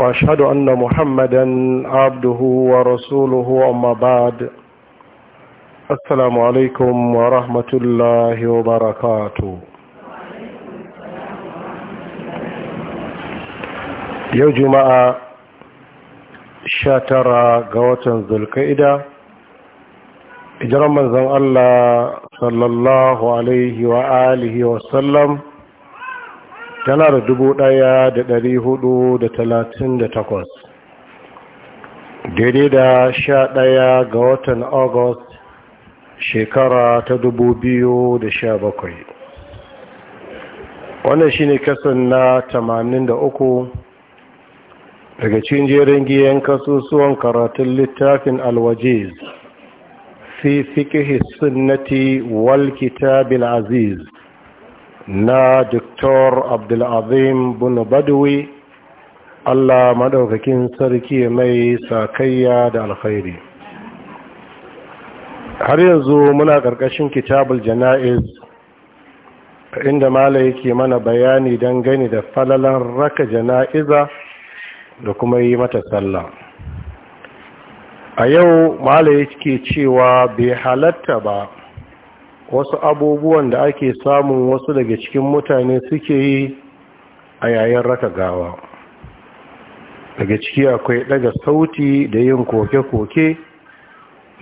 واشهد ان محمدا عبده ورسوله اما بعد السلام عليكم ورحمه الله وبركاته يا جماعه شاترا غوتن ذو القعده اجرم من الله صلى الله عليه واله وسلم tana da dubu ɗaya da ɗari hudu da talatin da takwas daidai da sha ɗaya ga watan august shekara ta dubu biyu da sha bakwai wannan shine kasan na tamanin da uku daga cikin jerin giyan kasusuwan karatun littafin alwajiz fi fikihi sunnati wal kitabil aziz na Dr. Abdulazim bin Badawi Allah Maɗaukakin sarki mai sakayya da alkhairi har yanzu muna ƙarƙashin kitabul jana'iz inda mala yake mana bayani gani da falalan raka jana'iza da kuma yi mata sallah a yau mala yake cewa bai halatta ba wasu abubuwan da ake samun wasu daga cikin mutane suke yi a yayin raka gawa daga ciki akwai daga sauti da yin koke-koke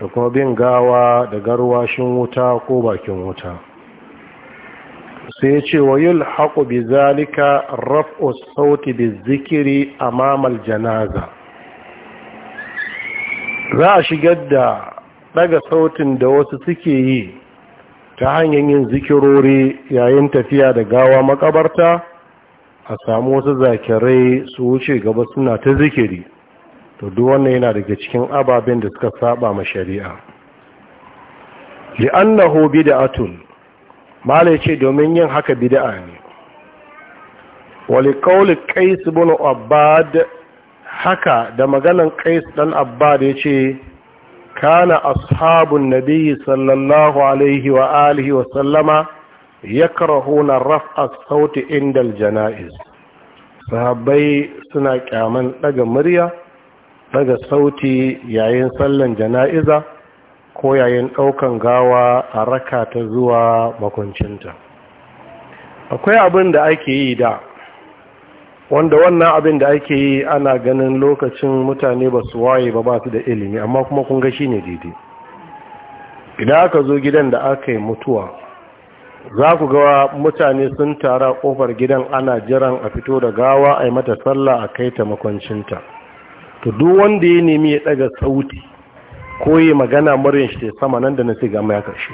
da kuma bin gawa da garwashin wuta ko bakin wuta sai ce wa yul haƙo bi zalika raf'o sauti bi zikiri a mamal janaza za a shigar da daga sautin da wasu suke yi ta hanyar yin zikirori yayin tafiya da gawa makabarta a samu wasu zakirai su wuce gaba suna ta zikiri to duk wannan yana daga cikin ababen da suka saba ma shari'a li'annahu bid'atun malai ce domin yin haka bid'a ne wali qawli qais ibn abbad haka da maganan qais dan abbad yace kana ashabun Nabiyyu sallallahu alaihi wa alihi wa sallama raf'a sauti indal janaiz sahabai suna kyaman ɗaga murya ɗaga sauti yayin sallan jana'iza ko yayin ɗaukan gawa a raka ta zuwa makuncinta akwai abin da ake yi da wanda wannan abin da ake yi ana ganin lokacin mutane ba su waye ba ba su da ilimi amma kuma kun ga shi ne daidai idan aka zo gidan da aka yi mutuwa za ku ga mutane sun tara kofar gidan ana jiran a fito da gawa a yi mata sallah a kai ta makoncinta to duk wanda ya nemi ya daga sauti ko yi magana murin shi sama nan da na siga mai aka shi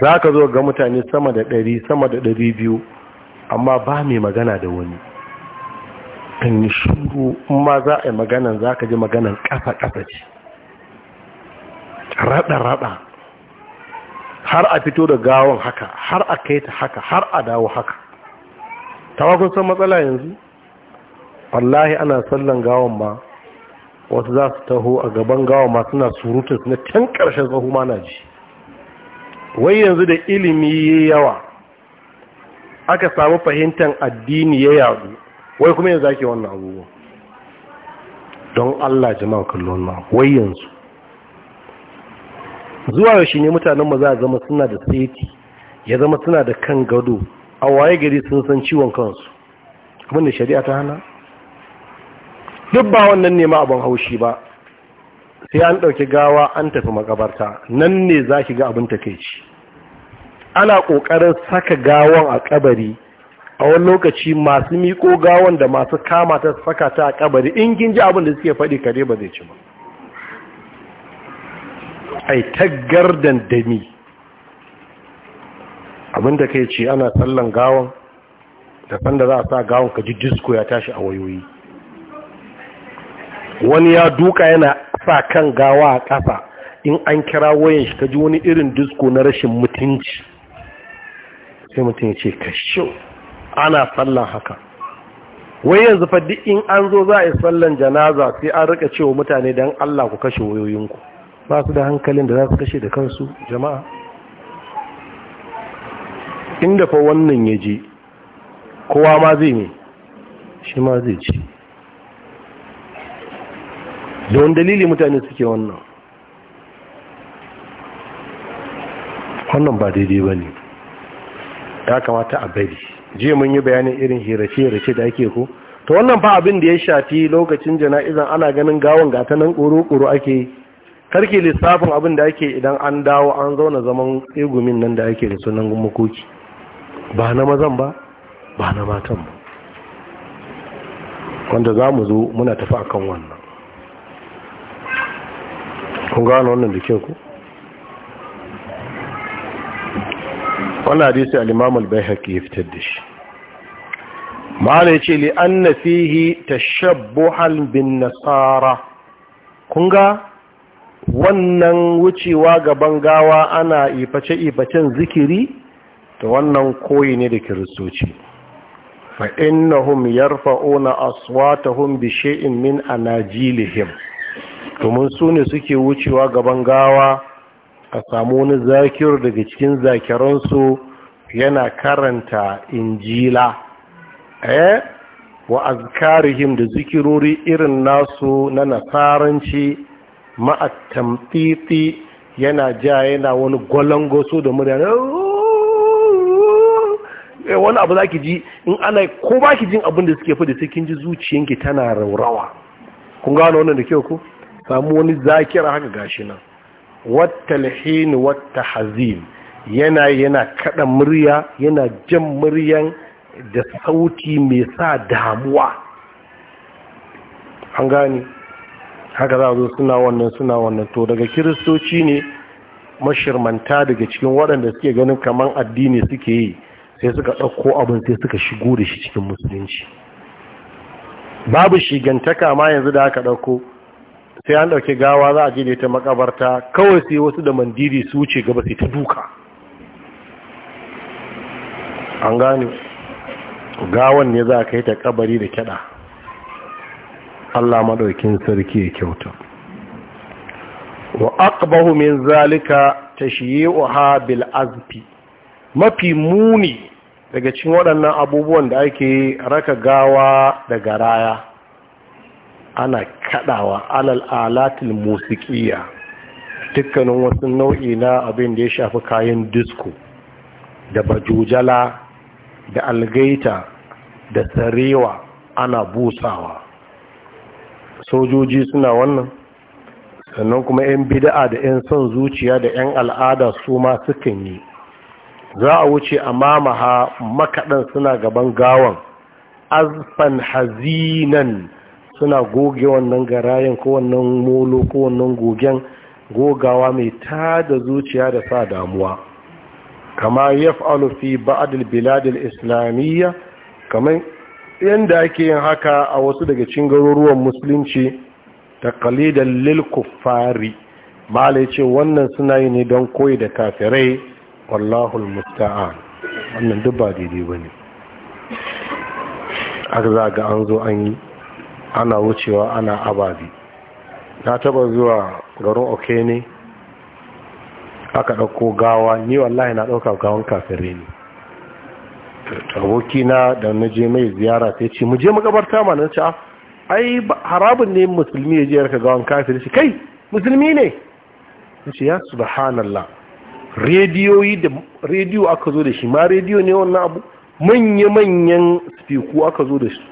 za ka zo ga mutane sama da dari sama da dari biyu amma ba mai magana da wani kan yi shuru ma za a yi maganan za ka ji maganan ƙasa-ƙasa ce raɗa-raɗa har a fito da gawon haka har a kai ta haka har a dawo haka tawakun san matsala yanzu wallahi ana sallan gawon ma wasu za su taho a gaban gawon ma suna surutun na can ƙarshen zahu ma na ji wai yanzu da ilimi yawa aka samu fahimtar addini ya yadu wai kuma yanzu ake wannan abubuwa don Allah jama'a kallon na wai yanzu zuwa yaushe ne mutanen mu za a zama suna da saiti ya zama suna da kan gado a waye gari sun san ciwon kansu Kuma da shari'a ta hana duk ba wannan ne ma abin haushi ba sai an ɗauki gawa an tafi makabarta nan ne za ki ga abin takeici ana ƙoƙarin saka gawon a kabari a wani lokaci masu miko gawon da masu kama ta saka ta a kabari in gin ji abin da suke faɗi kare ba zai ci ba ai taggar dandami abin da kai ce ana tsallon gawon da sanda za a sa gawon ka ji disko ya tashi a wayoyi wani ya duka yana sa kan gawa a ƙasa in an kira wayan shi ka ji wani irin disko na rashin mutunci sai mutum ya ce kashiu ana sallan haka wai yanzu fa duk in an zo za a yi sallan janaza sai an rika cewa mutane don Allah ku kashe wayoyinku ba su da hankalin da za su kashe da kansu jama'a inda fa wannan ya je kowa ma zai ne shi ma zai ce da wani dalili mutane suke wannan wannan ba daidai ba ne ya kamata a bari jiya mun yi bayanin irin hirace-hirace da ake ku to wannan ba abin da ya shafi lokacin jana'izan ana ganin gawon gata nan ƙoro-ƙoro ake yi karki lissafin abin da ake idan an dawo an zauna zaman igumin nan da ake da sunan makoki ba na mazan ba ba na matan ba wanda za mu zo muna tafi akan wannan kun gano wannan da kyau ku wannan hadisi al-imam al-baihaqi ya fitar da shi ma'ana yace li anna fihi tashabbuhan bin nasara kun ga wannan wucewa gaban gawa ana iface ifacen zikiri to wannan koyi ne da kiristoci fa innahum yarfa'una aswatahum bi shay'in min anajilihim to mun sune suke wucewa gaban gawa a samu wani zakir daga cikin zakiransu yana karanta injila eh wa azkarihim da zikirori irin nasu na nasaranci ma'attamtiti yana ja yana wani gwalangoso da mutane eh, wani abu za ki ji in ana ko ba ki jin abin da suke fi da kin ji zuciyanki tana raurawa kun gano wannan da kyau ku samu wani zakira haka gashi nan wata hazin yana yana kada murya yana jan muryan da sauti mai sa damuwa an gani haka za zo suna wannan suna wannan to daga kiristoci ne mashirmanta daga cikin waɗanda suke ganin kamar addini suke yi sai suka ɗauko abin sai suka shigo da shi cikin musulunci babu shigantaka ma yanzu da aka ɗauko sai an ɗauki gawa za a je da ta makabarta kawai sai wasu da mandiri su wuce gaba sai ta duka an gane gawan ne za a kai ta kabari da kyada Allah maɗaukin sarki ya kyauta wa aqbahu min zalika tashyi'uha bil azfi mafi muni daga cikin waɗannan abubuwan da ake raka gawa da garaya ana kaɗawa alal alatil musikiya dukkanin wasu nau'i na abin da ya shafi kayan disko da bajujala da algaita da sarewa ana busawa sojoji suna wannan sannan kuma 'yan bida'a da 'yan son zuciya da 'yan al'ada su ma sukan yi za a wuce a mamaha makaɗan suna gaban gawan asfan hazinan suna goge wannan garayen ko wannan molo ko wannan gogen gogawa mai tada zuciya da sa damuwa kama yaf'alu fi ba'd al islamiyya kaman yanda ake yin haka a wasu daga cikin garuruwan musulunci taqlidan lil kuffari malai ce wannan suna yi ne don koyi da kafirai wallahu musta'an wannan duk ba daidai bane aka zaga an zo an yi ana wucewa ana ababi na taba zuwa garin okene aka ɗauko gawa ni wallahi na ɗauka gawan kafire ne abokina da na je mai ziyara ta ce mu je makabarta ma na ce ah, ai harabin ne musulmi ya je yarka gawan kafire shi kai musulmi ne ya ya subhanallah rediyoyi da rediyo aka zo da shi ma rediyo ne wannan abu manya-manyan spiku aka zo da shi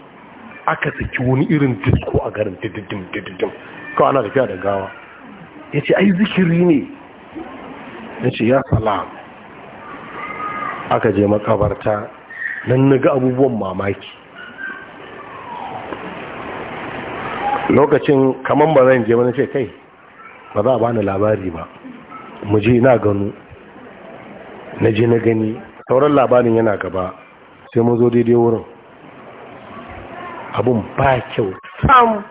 aka saki wani irin disko a garin dididim dididim kawai ana tafiya da gawa ya ce ai zikiri ne ya ce ya salam aka je makabarta nan na ga abubuwan mamaki lokacin kamar ba zan je wani ce kai ba za a bani labari ba mu je na gano na je na gani sauran labarin yana gaba sai mun zo daidai wurin abun ba kyau sam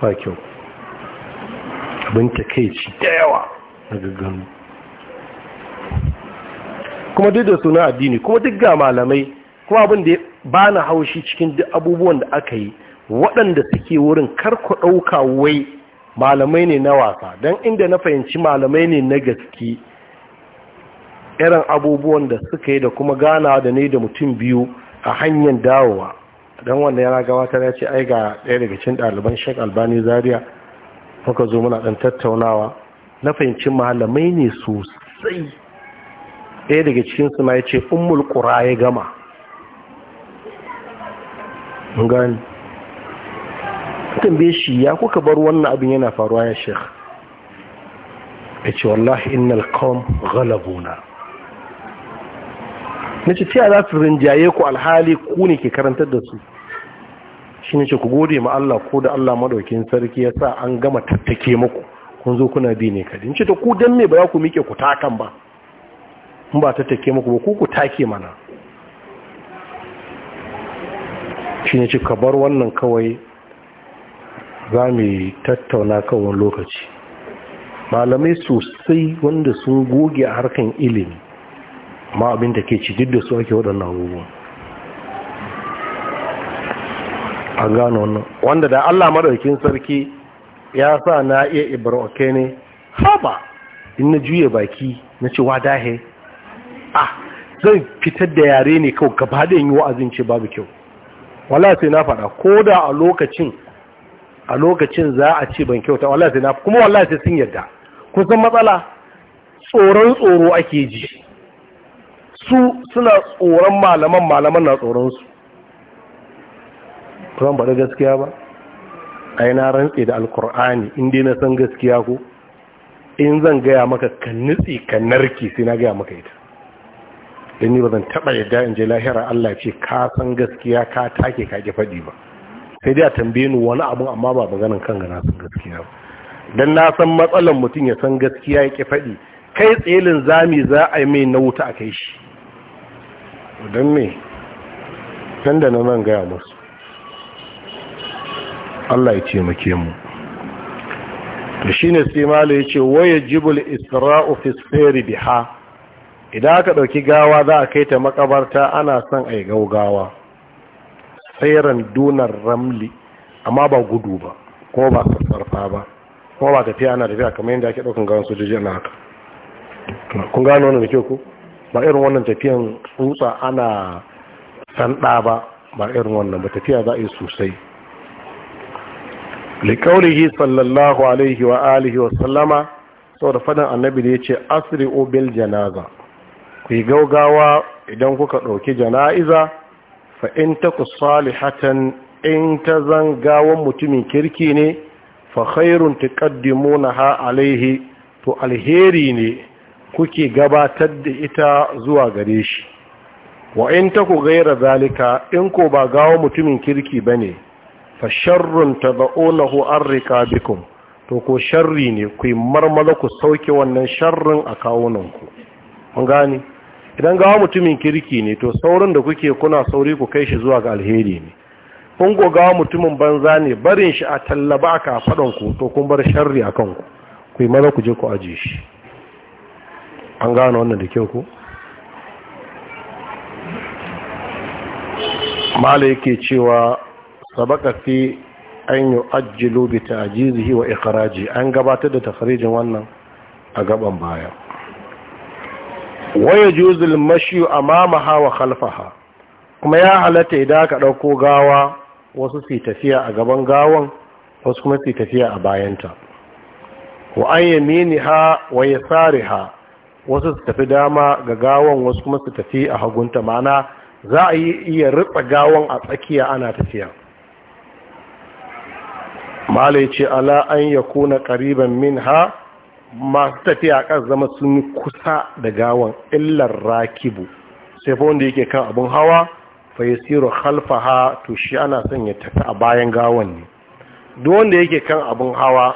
ba kyau abin takaici da yawa na gaggano kuma duk da suna addini kuma duk ga malamai kuma abin da ba na haushi cikin duk abubuwan da aka yi waɗanda suke wurin karku ɗauka wai malamai ne na wasa don inda na fahimci malamai ne na gaske irin abubuwan da suka yi da kuma gana da ne da mutum biyu a hanyar dawowa dan wanda yana ta ya ce ai ga ɗaya daga cikin ɗaliban Sheikh Albani Zaria muka zo muna ɗan tattaunawa na fahimci malamai ne sosai ɗaya daga cikin suna ya ce ummul ya gama mun gani tambaye shi ya kuka bar wannan abin yana faruwa ya Sheikh ya ce wallahi innal qawm ghalabuna na ce ta za su rinjaye ku alhali ku ne ke karantar da su shi ne ce ku gode ma Allah ko da Allah madaukin sarki ya sa an gama tattake muku kun zo kuna bi ne kadin ce ta ku dan me ba za ku mike ku takan ba in ba tattake muku ba ku ku take mana shi ne ce ka bar wannan kawai za mu tattauna kan wani lokaci malamai sosai wanda sun goge a harkan ilimi ma abin da ke ci duk da su ake waɗannan abubuwa A gano wannan wanda da allah maɗaukin sarki ya sa na iya ibra'oke ne haba in na juye baki na cewa dahe ah zan fitar da yare ne kawai gaba da yi wa'azin ce babu kyau wala sai na faɗa ko da a lokacin a lokacin za a ce ban kyauta wala sai na kuma wala sai sun yarda kusan matsala tsoron tsoro ake ji su suna tsoron malaman malaman na tsoron su Kuma ba da gaskiya ba A na rantse da alkur'ani in dai na san gaskiya ko in zan gaya maka ka nutse ka narke sai na gaya maka ita don ni ba zan taɓa yadda in je lahira Allah ce ka san gaskiya ka take ka ƙi faɗi ba sai dai a tambaye ni wani abu amma ba maganin kan na san gaskiya ba don na san matsalan mutum ya san gaskiya ya ki faɗi kai tsaye linzami za a yi mai na wuta a kai shi don me nan da na nan gaya musu Allah ya ce taimake mu to ne sai ya ce, waye jibul isra'u fisferi sayri biha idan aka dauki gawa za a kai ta makabarta ana son a yi gaugawa sayran dunar ramli amma ba gudu ba ko ba sassarfa ba ko ba tafiya ana tafiya kamar yadda ake daukan gawan sojoji na haka kun gano wani da kyau ku. ba irin wannan tafiyan tsutsa ana sanda ba ba irin wannan ba tafiya za a yi sosai Likaurihi sallallahu alaihi wa alihi wa sallama sau da fadin annabi da ya ce asiri obil janaza ku yi gaugawa idan kuka ɗauki jana'iza fa'in ta ku salihatan in ta zangawan mutumin kirki ne fa khairun na ha alaihi to alheri ne kuke gabatar da ita zuwa gare shi wa in ta ku gaira zalika in ko ba gawo mutumin kirki ba ne fa sharrun ta za'onahu an rika bikin, to ko sharri ne ku yi marmala ku sauke wannan sharrin a kawunanku an gani idan gawo mutumin kirki ne to saurin da kuke kuna sauri ku kai shi zuwa ga alheri ne kun ko gawo mutumin banza ne barin shi a tallaba a kafaɗanku to kun bar sharri a kanku ku yi ku je ku ajiye shi an gano wannan da kyau ko malai yake cewa sabaka fi an yi ajiyar bi ta'ajizihi wa ikaraji an gabatar da tafarijin wannan a gaban baya waya juzul mashi mamaha wa khalfaha kuma ya halatta idan aka ɗauko gawa wasu su tafiya a gaban gawan wasu kuma su tafiya a bayanta wa an yi ha wa ya tsari ha wasu su tafi dama ga gawon wasu kuma su tafi a hagunta mana za a yi iya ritsa gawon a tsakiya ana tafiya malai ce ala an ya kuna ƙariban min ha masu tafiya kan zama sun yi kusa da gawon illar rakibu sai fa wanda yake kan abin hawa fa ya siro ha to shi ana son ya tafi a bayan gawon ne duk wanda yake kan abin hawa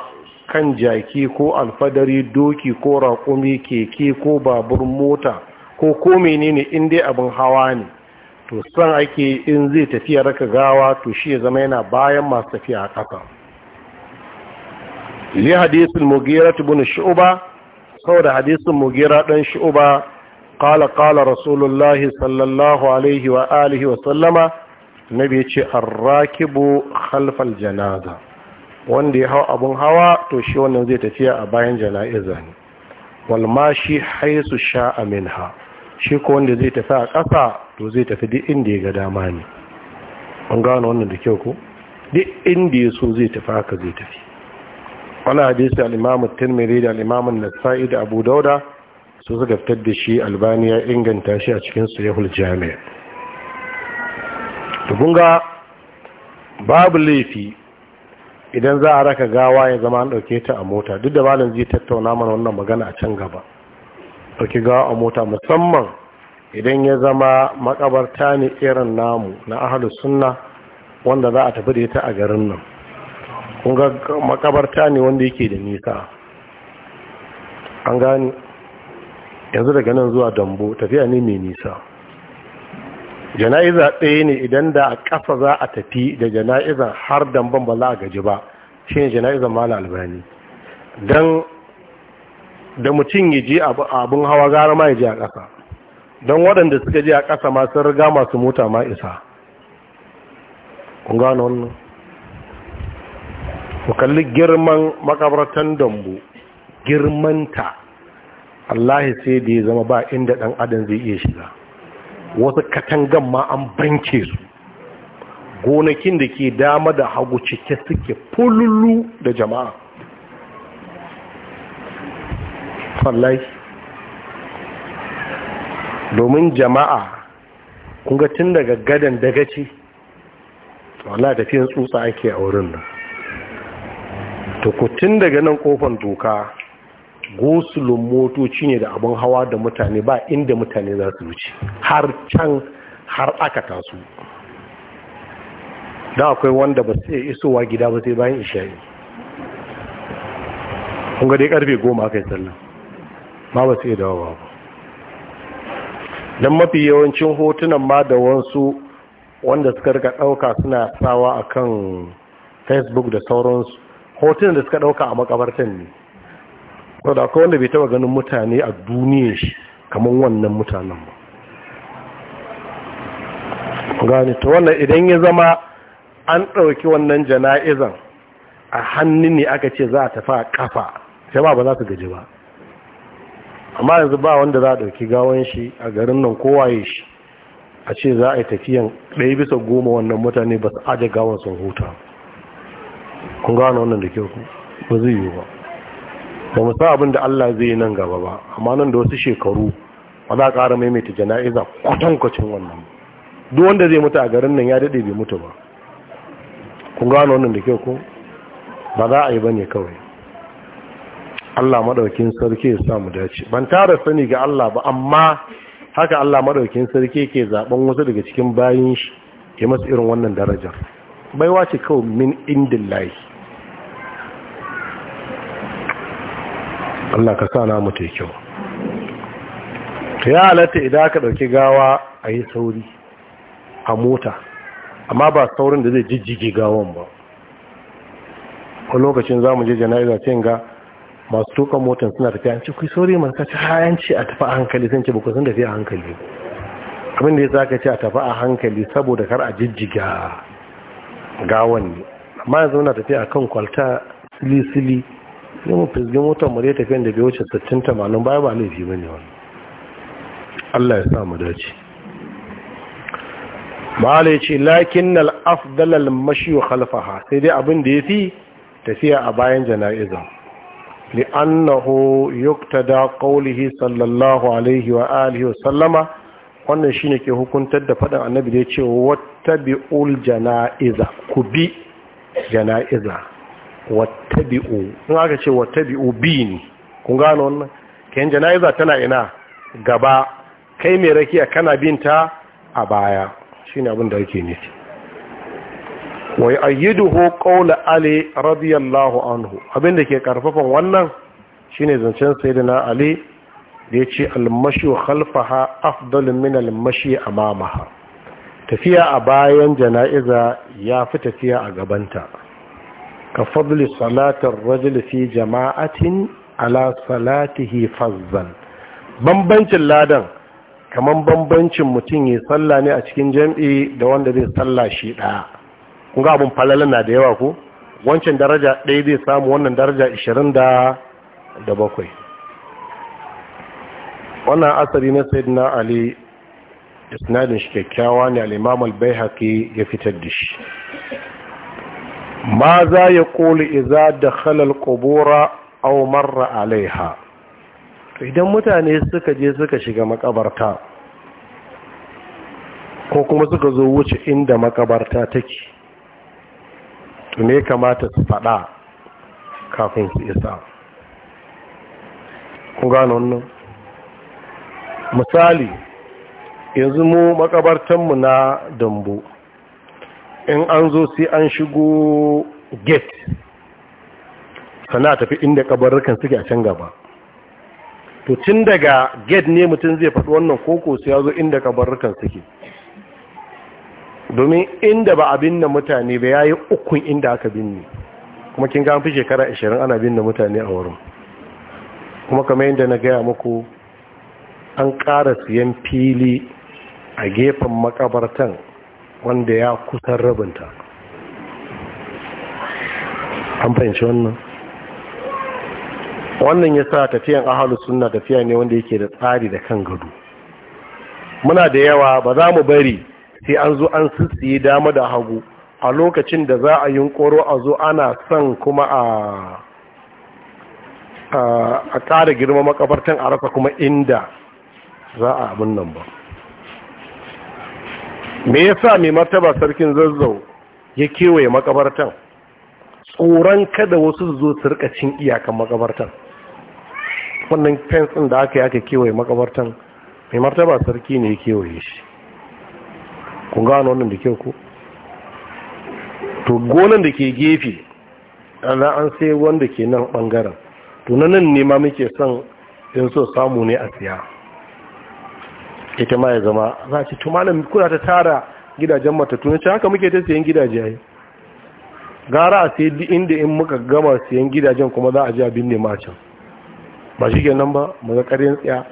kan jaki ko alfadari doki ko raƙumi keke ko babur mota ko ko menene in dai abin hawa ne to san ake in zai tafiya raka gawa to shi ya zama yana bayan masu tafiya a ƙasa li hadisul mugira ibn shu'ba saboda hadisin mugira dan shu'ba qala qala rasulullahi sallallahu alaihi wa alihi wa sallama nabi ya ce arrakibu khalfal janaza wanda ya hau abun hawa to shi wannan zai tafiya a bayan jana'iza ne walmashi haisu sha'a ha, shi ko wanda zai tafi a ƙasa to zai tafi duk inda ya ga dama ne an gano wannan da kyau ko duk inda ya so zai tafi haka zai tafi wani hadisi al'imamu tirmidhi da al'imamun nasa'i da abu dauda su suka fitar da shi albani ya inganta shi a cikin sahihul jami'a babu laifi idan za a raka gawa ya zama an ɗauke ta a mota duk da malam zai tattauna mana wannan magana a can gaba ɗauki gawa a mota musamman idan ya zama makabarta ne irin namu na ahalu sunna wanda za a tafi da ita a garin nan kun ga makabarta ne wanda yake da nisa an gani yanzu daga nan zuwa dambu, tafiya ne mai nisa jana'iza ɗaya ne idan da a ƙasa za a tafi da janaiza har damban ba za a gaji ba shi ne ma na albani don da mutum ya je abin hawa gara ma ya je a ƙasa don waɗanda suka je a ƙasa ma sun riga masu mota ma isa kun gano wannan ku kalli girman makabartan dambu girmanta Allah sai da ya zama ba inda ɗan adam zai iya shiga wasu katangan ma an banke su gonakin da ke dama da hagu cike suke fululu da jama'a fallai domin jama'a kunga tun daga gadan dagaci wala tafiyan tsutsa ake a wurin nan tukutun daga nan kofan doka gosulun motoci ne da abin hawa da mutane ba inda mutane za su wuce har can har aka taso da akwai wanda ba sai isowa gida ba sai bayan isha'i kunga dai karfe goma aka yi sallan ma ba sai dawa ba don mafi yawancin hotunan ma da wansu wanda suka rika ɗauka suna sawa akan facebook da sauransu hotunan da suka ɗauka a makabartan ne sau da wanda bai taba ganin mutane a duniyar shi kamar wannan mutanen ba gani ta wannan idan ya zama an ɗauki wannan jana'izan a hannu ne aka ce za a tafi a kafa jama ba za su gaji ba amma yanzu ba wanda za a ɗauki gawan shi a garin nan kowaye shi a ce za a yi tafiyan ɗaya bisa goma wannan mutane ba su aje gawon sun huta kun gano wannan da kyau ba zai yiwu ba ba mu sa abin da Allah zai yi nan gaba ba amma nan da wasu shekaru ba za a ƙara maimaita jana'iza kwacin wannan duk wanda zai mutu a garin nan ya daɗe bai mutu ba kun gano wannan da kyau ko ba za a yi ba ne kawai Allah maɗaukin sarki ya samu dace ban tara sani ga Allah ba amma haka Allah maɗaukin sarki ke zaɓen wasu daga cikin bayan shi ya masu irin wannan darajar baiwa ce kawai min layi Allah ka sa namu ta kyau ya halatta idan aka ɗauki gawa a yi sauri a mota amma ba saurin da zai jijjige gawan ba a lokacin za mu je jana'iza ce ga masu tuka motar suna tafiya an ce ku sauri man ka ci hayanci a tafi a hankali sun ce bukun sun fi a hankali abin da ya saka ce a tafi a hankali saboda kar a jijjiga gawan ne amma yanzu muna tafiya a kan kwalta sili-sili ne mu fizgi motar mu dai tafiyan da bai wuce 60 80 bai ba laifi bane wani Allah ya sa mu dace ya ce lakin al afdal al mashi khalfaha sai dai abin da ya fi, tafiya a bayan jana'iza yukta da kawulihi sallallahu alaihi wa alihi wa sallama wannan shine ke hukuntar da faɗin annabi da ya ce bi'ul jana'iza ku bi jana'iza wattabi'u in aka ce wattabi'u bi ne kun gano wannan kayan jana'iza tana ina gaba kai mai rakiya kana binta a baya shine abin da yake nufi wai ayyiduhu qawla ali radiyallahu anhu abin ke karfafan wannan shine zancen na ali da yace al-mashi khalfaha afdal min al-mashi amamaha tafiya a bayan jana'iza ya fi tafiya a gabanta ka fadli salatar rajul fi jama'atin ala salatihi fazzan bambancin ladan kamar bambancin mutum ya salla ne a cikin jam'i da wanda zai salla shi ɗaya kun abin falala na da yawa ko wancan daraja ɗaya zai samu wannan daraja 20 da da bakwai wannan asari na sayyidina ali isnadin shi kyakkyawa ne al bai al ya fitar da shi ma za ya ƙoli iza da halal ƙubura au marra alaiha idan mutane suka je suka shiga makabarta ko kuma suka zo wuce inda makabarta take tune kamata su faɗa kafin su isa kun gano wannan misali yanzu mu mu na dambu in an zo sai an shigo gate sana tafi inda kabarrukan suke a can gaba to tun daga gate ne mutum zai faɗi wannan koko sai ya zo inda kabarrukan suke domin inda ba a binne mutane ba ya yi ukun inda aka binne kuma kin ga shekara 20 ana binne mutane a wurin kuma kamar yadda na gaya muku an ƙara siyan fili a gefen makabartan wanda ya kusan rabinta an fahimci wannan wannan ya sa tafiyan ahalus suna tafiya ne wanda yake da tsari da kan gado muna da yawa ba za mu bari sai an zo an siyi dama da hagu a lokacin da za a yi koro a zo ana son kuma a a ƙara girma makabartan a rasa kuma inda za a abin nan ba me yasa mai martaba sarkin zazzau ya kewaye makabartan tsoron kada wasu zo su rika cin iyakan makabartan wannan fensin ɗin da aka yi aka kewaye makabartan mai martaba sarki ne ya kewaye shi Ku gano wannan da kyau ku to gonan da ke gefe ana an sai wanda ke nan bangaren to nan ne ma muke son in so samu ne a siya ita ma ya zama za a ce tumalin kuna ta tara gidajen matattu na ce haka muke ta siyan gidaje ya yi gara a sai duk inda in muka gama siyan gidajen kuma za a ji abin ne macin ba shi kenan ba mu ga ƙarin tsaya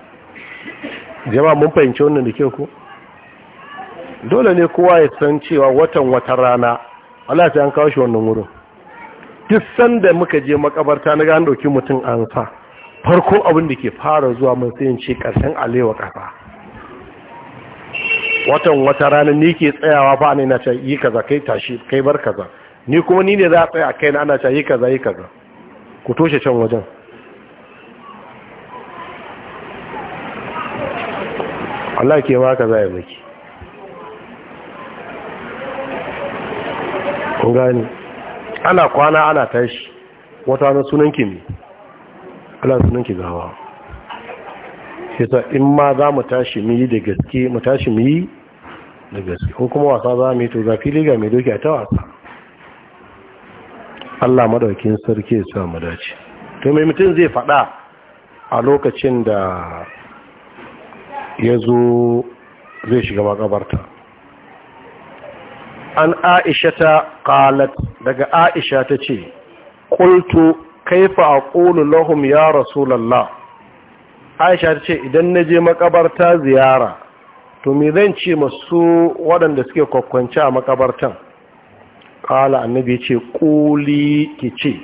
jama'a mun fahimci wannan da ke ku dole ne kowa ya san cewa watan wata rana Allah sai an kawo shi wannan wurin duk sanda muka je makabarta na ga an dauki mutum an sa farko abin da ke fara zuwa mun sai in ce karshen alewa kafa watan wata rana ni ke tsayawa fa ne na ce yi kaza kai tashi kai bar kaza ni kuma ni ne za a tsaya a kai na ana ce yi kaza yi kaza ku toshe can wajen Allah ke ma kaza ya miki kun gani ana kwana ana tashi wata na ki ne ana ki gawa shi in ma za mu tashi mu yi da gaske mu tashi mu yi da gaske ko kuma wasa za mu yi to zafi fili ga mai doki a ta wasa Allah madaukin sarki ya sa mu dace to mai mutum zai faɗa a lokacin da ya zo zai shiga makabarta an aisha ta qalat daga aisha ta ce qultu kaifa aqulu lahum ya rasulallah aisha ta ce idan na je makabarta ziyara to me zan ce masu waɗanda suke kwakwance a makabartan ƙala annabi ce ƙuli ki ce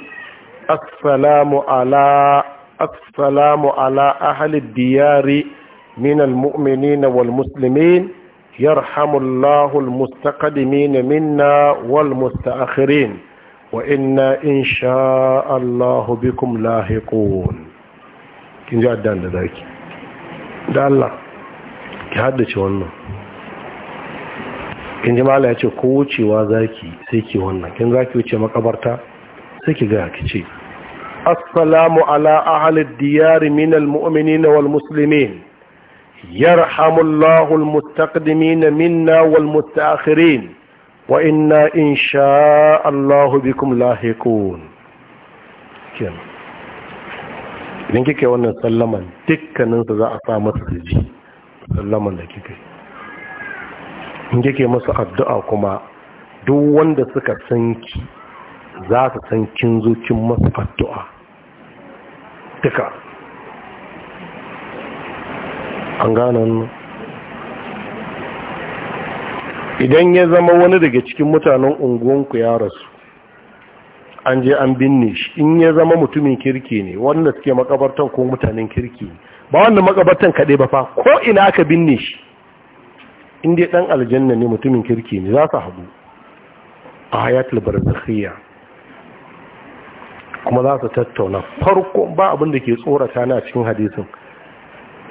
assalamu ala assalamu ala ahli diyari min almu'minin wal muslimin yarhamullahu almustaqdimin minna wal mustaakhirin wa inna insha Allah bikum lahiqun kin ji addan da zaki da Allah ki haddace wannan kin ji mala ya ce ko wucewa zaki sai ki wannan kin zaki wuce makabarta sai ki ga ki ce assalamu ala ahli diyar min mu'minin wal muslimin yarhamullahu almustaqdimin minna wal mutaakhirin wa inna insha Allah bikum lahiqun kenan idan kika wannan sallaman su za a sa masa da ji sallaman da kika yi in kike masu addu'a kuma duk wanda suka san ki za su san kin zo kin masu addu'a duka an gano idan ya zama wani daga cikin mutanen unguwanku ya rasu an je an binne shi in ya zama mutumin kirki ne wanda suke makabartan ko mutanen kirki ne ba wannan makabartan kaɗai ba fa ko ina aka binne shi in dai ɗan aljanna ne mutumin kirki ne za su haɗu a hayatul barzakhiyya kuma za su tattauna farko ba abinda ke tsorata na cikin hadisin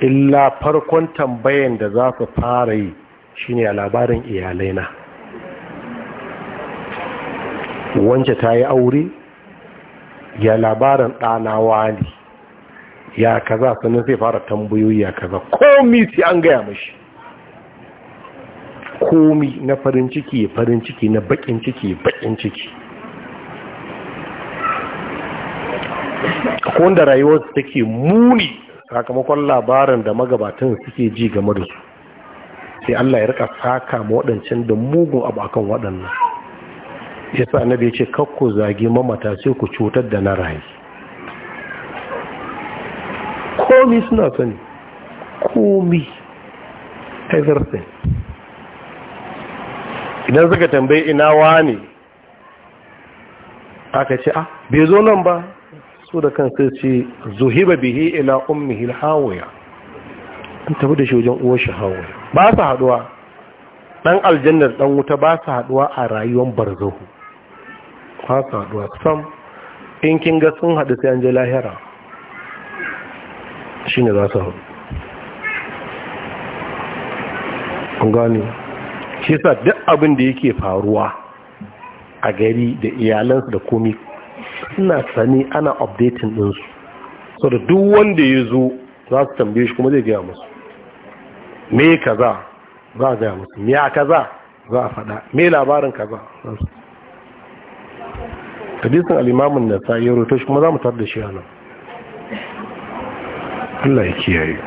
illa farkon tambayan da za su fara yi shine labarin iyalai na wance ta yi aure ya labarin ɗanawa ne ya kaza sannan zai fara tambayoyi ya kaza komi sai an gaya mashi komi na farin ciki farin ciki na bakin ciki bakin ciki rayuwar su take muni sakamakon labarin da magabatan suke ji game da su sai Allah ya rika saka waɗancan da mugun abu akan waɗannan yasa annabi ya ce kakko zage mamata sai ku cutar da na rayu komi suna sani komi everything idan suka tambayi ina wani aka ce ah bai zo nan ba su da kan sai ce zuhiba bihi ila ummihil hawaya an tafi da shi wajen uwar shi hawaya ba su haduwa dan aljannar dan wuta ba su haduwa a rayuwar barzahu haka su haɗuwa sam in kin ga sun haɗu sai an je lahira shi ne za su hau an gani shi sa duk abin da yake faruwa a gari da iyalansu da komi suna sani ana updating ɗinsu so da duk wanda ya zo za su tambaye shi kuma zai gaya musu me kaza za a gaya musu me kaza za a faɗa me labarin kaza za su hadisin alimamin da ta yi rute shi kuma za mu tar da shi a nan Allah ya kiyaye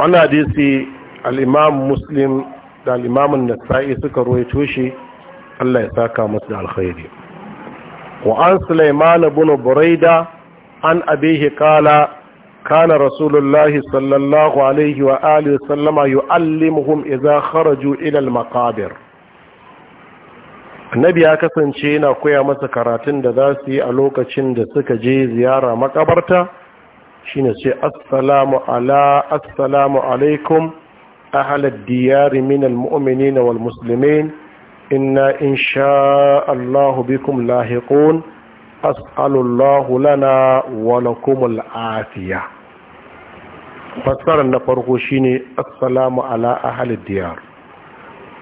wani hadisi al'imam muslim da al'imamin da sa'i suka roto shi Allah ya saka masu da alkhairi wa an sulaiman ibn buraida an abihi kala kana rasulullahi sallallahu alaihi wa alihi sallama yu'allimuhum idza kharaju ila al-maqabir annabi ya kasance yana koya masa karatun da za su yi a lokacin da suka je ziyara makabarta shine ce assalamu ala assalamu alaikum ahlal diyari minal mu'minina wal muslimin inna insha Allah bikum lahiqun as'alullahu lana wa lakumul fassarar na farko shine assalamu ala ahlid diyar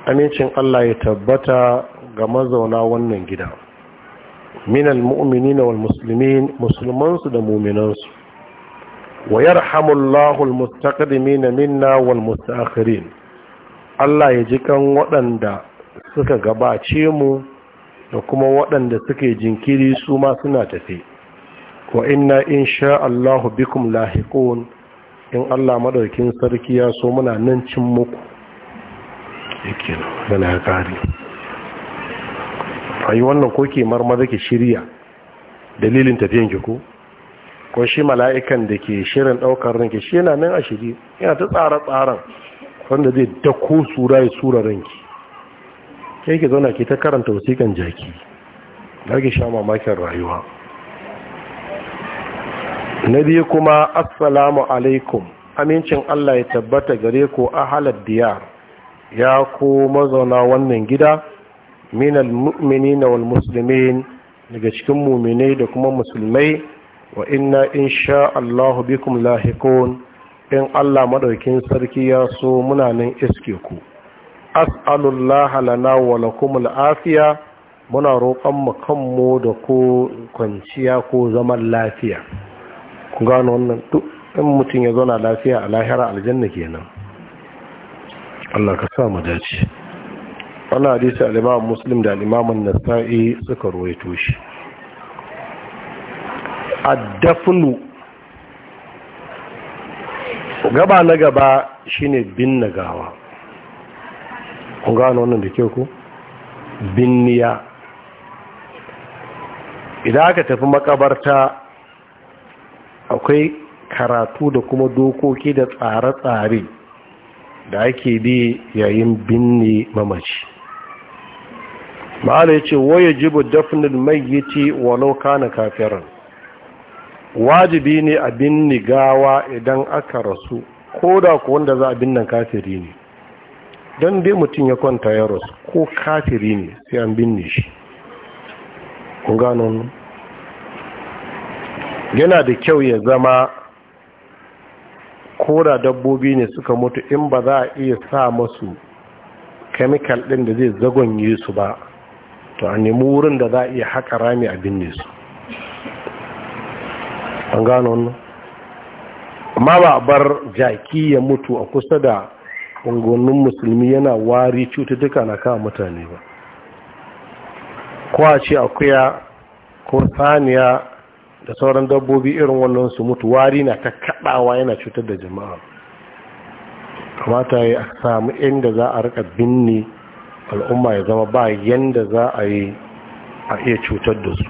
amincin Allah ya tabbata ga mazauna wannan gida minal mu'minina na muslimin musulmansu da muminansu wa yarhamullahu mustaƙadimi na minna wal Allah ya ji kan waɗanda suka gabace mu da kuma waɗanda suke jinkiri su ma suna tafe wa inna insha Allahu bikum lahiqun in Allah maɗaukin sarki ya so muna nan cin muku yake da ya kare yi wannan ko ke marmaza ke shirya dalilin tafiyan ki ko ko shi mala'ikan da ke shirin daukar ranki shi yana nan a shiri yana ta tsara tsaran wanda zai dako sura ya sura ranki sai ki zauna ki ta karanta wasikan jaki ki sha mamakin rayuwa na biyu kuma assalamu alaikum amincin Allah ya tabbata gare ku halar diyar ya ko mazauna wannan gida min al-mu'minin wal daga cikin mu'minai da kuma musulmai wa inna insha Allahu bikum lahiqun in Allah maɗaukin sarki ya so muna nan iske ku as'alullah lana wa lakum al-afiya muna roƙon mu kanmu da kwanciya ko zaman lafiya ku gano wannan duk in mutum ya zauna lafiya a lahira aljanna kenan Allah ka sa mu dace wannan hadisi al-imam muslim da al-imam an-nasa'i suka ruwaito shi ad-dafnu gaba na gaba shine bin gawa, kun gano wannan da ke ku, binniya idan aka tafi makabarta akwai karatu da kuma dokoki da tsare-tsare da ake bi yayin binne mamaci ma'ana ya ce waye jibu dafnin yiti walau kana kafiran wajibi ne a binne gawa idan aka rasu ko da ku wanda za a binne kafiri ne don dai mutum ya kwanta ya rasu ko kafiri ne sai an binne shi kun gano yana da kyau ya zama koda dabbobi ne suka mutu in ba za a iya sa masu kemikal ɗin da zai zagonye su ba to a nemi wurin da za a iya haƙa rami a binne su an gano wannan amma ba a bar jaki ya mutu a kusa da unguwannin musulmi yana wari cututtuka na kawo mutane ba kowa ce akuya ko saniya da sauran dabbobi irin wannan su mutu wari na ta kaɗawa yana cutar da jama'a kamata ya samu inda za a rika binne al'umma ya zama ba yadda za a yi a iya cutar da su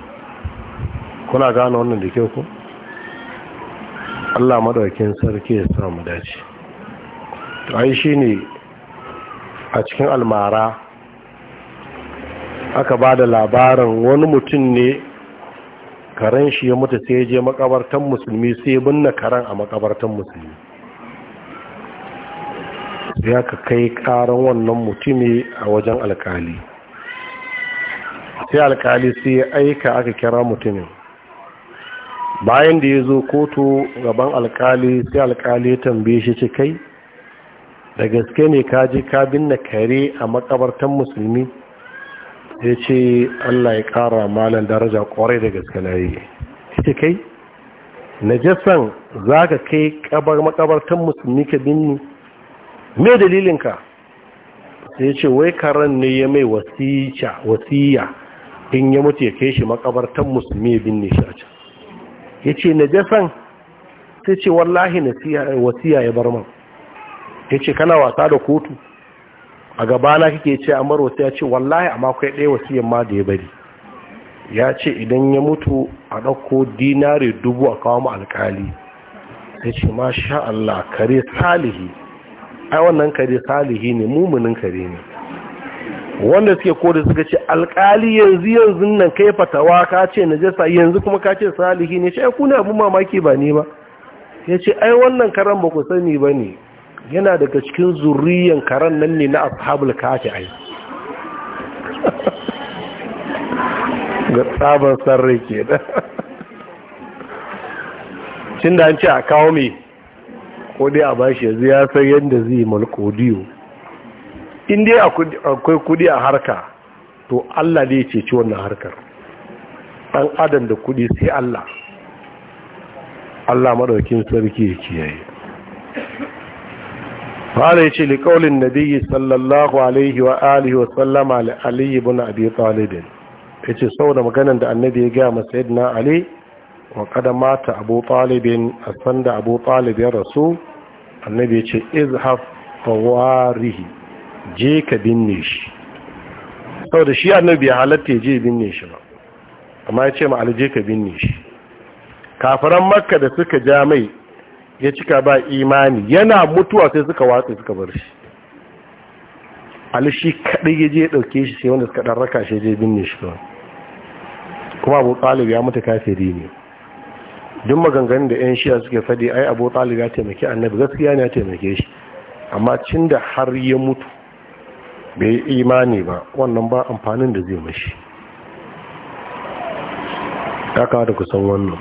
kuna gane wannan da kyau ku allah maɗaukin sarki ya samu dace to ai shi ne a cikin almara aka ba da labarin wani mutum ne karen shi ya mutu sai ya je makabartan musulmi sai ya binne karen a makabartan musulmi Ya ka kai karan wannan mutumi a wajen alkali sai alkali sai ya aika aka kira mutumin bayan da ya zo kotu gaban alkali sai alkali ya tambaye shi ci kai da gaske ne ka je ka binne kare a makabartan musulmi ya ce allah ya kara malan daraja kwarai da gaske na yi ci kai najasan za ka kai makabartan musulmi ka binni. me dalilinka sai ce wai karen ne ya mai wasiya in ya mutu ya kai shi makabartan musulmi bin ne ya ce na jasan sai ce wallahi na wasiya ya bar man ya ce kana wasa da kotu a gabana kike ce a bar wasiya ce wallahi amma kai ɗaya wasiyan ma da ya bari ya ce idan ya mutu a ɗauko dinari dubu a kawo mu alkali ya ce masha Allah kare salihi ai wannan kare salihi ne mumunin kare ne wanda suke kore suka ce alkali yanzu yanzu nan kai fatawa ka ce najasa yanzu kuma ka ce salihi ne shi ku ne abu mamaki ba ne ba ya ce ai wannan karen ba ku sani ba ne yana daga cikin zurriyan karen nan ne na ashabul kafi ai ga tsaban sarri ke da cin da an ce a kawo mai ko dai a bashi yanzu ya san yadda zai malkodiyo in dai akwai kudi a harka to Allah ne ce ci wannan harkar ɗan adam da kudi sai Allah Allah maɗaukin sarki ya kiyaye fara ya ce liƙaunin nabiyyi sallallahu alaihi wa alihi wa sallama ali ibn abi talibin ya ce sau da maganan da annabi ya gaya masa yadda ali wa kada mata abu talibin a sanda abu talib ya rasu annabi ce izhaf fawarihi je ka binne shi saboda shi annabi ya halatta ya je binne shi ba amma ya ce ma alje ka binne shi kafaran makka da suka ja mai ya cika ba imani yana mutuwa sai suka watsa suka bar shi ali shi kaɗai ya je ɗauke shi sai wanda suka ɗan raka shi je binne shi kuma abu ɗalib ya mutu kafiri ne duk maganganun da 'yan shiya suke fadi ai abu talib ya taimaki annabi gaskiya ne ya taimake shi amma cin da har ya mutu bai yi imani ba wannan ba amfanin da zai mashi ya kawo da kusan wannan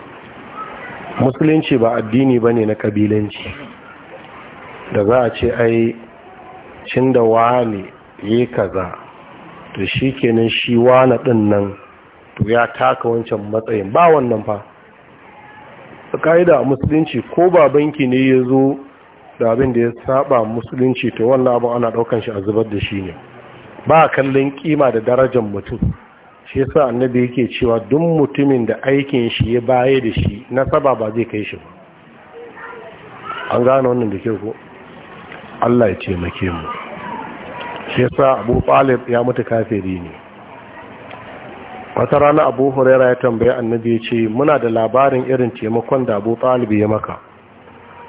musulunci ba addini ba ne na ƙabilanci da za a ce ai cin da wani ya kaza to shi kenan shi wani ɗin nan to ya taka wancan matsayin ba wannan fa a ka'ida a musulunci ko ba banki ne ya zo da abin da ya saba musulunci to wannan abin ana daukan shi a zubar da shi ne ba kallon kima da darajar mutum shi yasa annabi yake cewa duk mutumin da aikin shi ya baye da shi nasaba ba zai kai shi ba an gane wannan da ke ko Allah ya ce mu shi yasa Abu ya mutu kafiri ne wata rana abu huraira ya tambaye annabi ya ce muna da labarin irin taimakon da abu talibi ya maka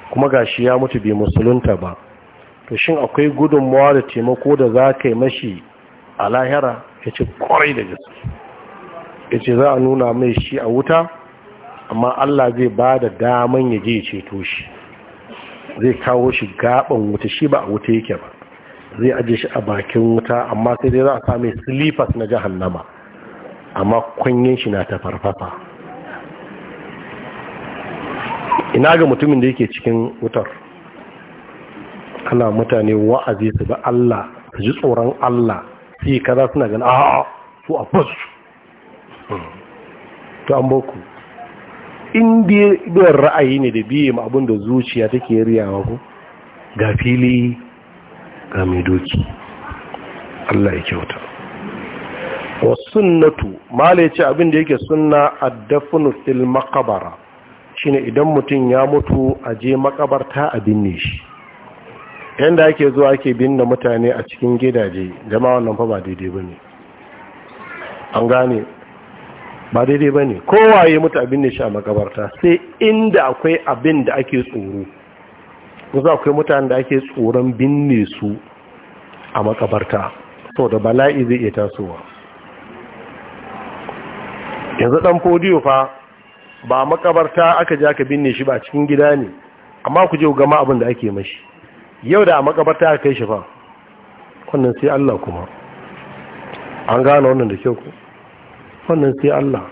kuma gashi ya mutu bai musulunta ba to shin akwai gudunmawa da taimako da za ka yi mashi a lahira ya ce kwarai da gaske ya ce za a nuna mai shi a wuta amma allah zai ba da daman ya je ceto shi zai kawo shi gaban wuta shi ba a wuta yake ba zai aje shi a bakin wuta amma sai dai za a sami silifas na jahannama amma kwanyen shi na ta farfafa ina ga mutumin da yake cikin wutar ana mutane wa'azi su ga Allah su ji tsoron Allah su yi kaza suna gani a su a to an boku in biyar ra'ayi ne da biye ma abinda zuciya take riyawa ku ga fili ga mai doki Allah ya kyauta wa sunnatu mala ya abin da yake sunna addafinu fil makabara shine idan mutum ya mutu a je makabarta a binne shi yanda ake zuwa ake binne mutane a cikin gidaje jama'a wannan fa ba daidai bane an gane ba daidai bane kowa ya mutu a binne shi a makabarta sai inda akwai abin da ake tsoro kusa akwai mutane da ake tsoron binne su a makabarta saboda bala'i zai iya tasowa yanzu dan fodiyo fa ba makabarta aka ja ka binne shi ba cikin gida ne amma ku je gama abin da ake mashi yau da a makabarta aka kai shi fa wannan sai Allah kuma an gane wannan da kyau ku wannan sai Allah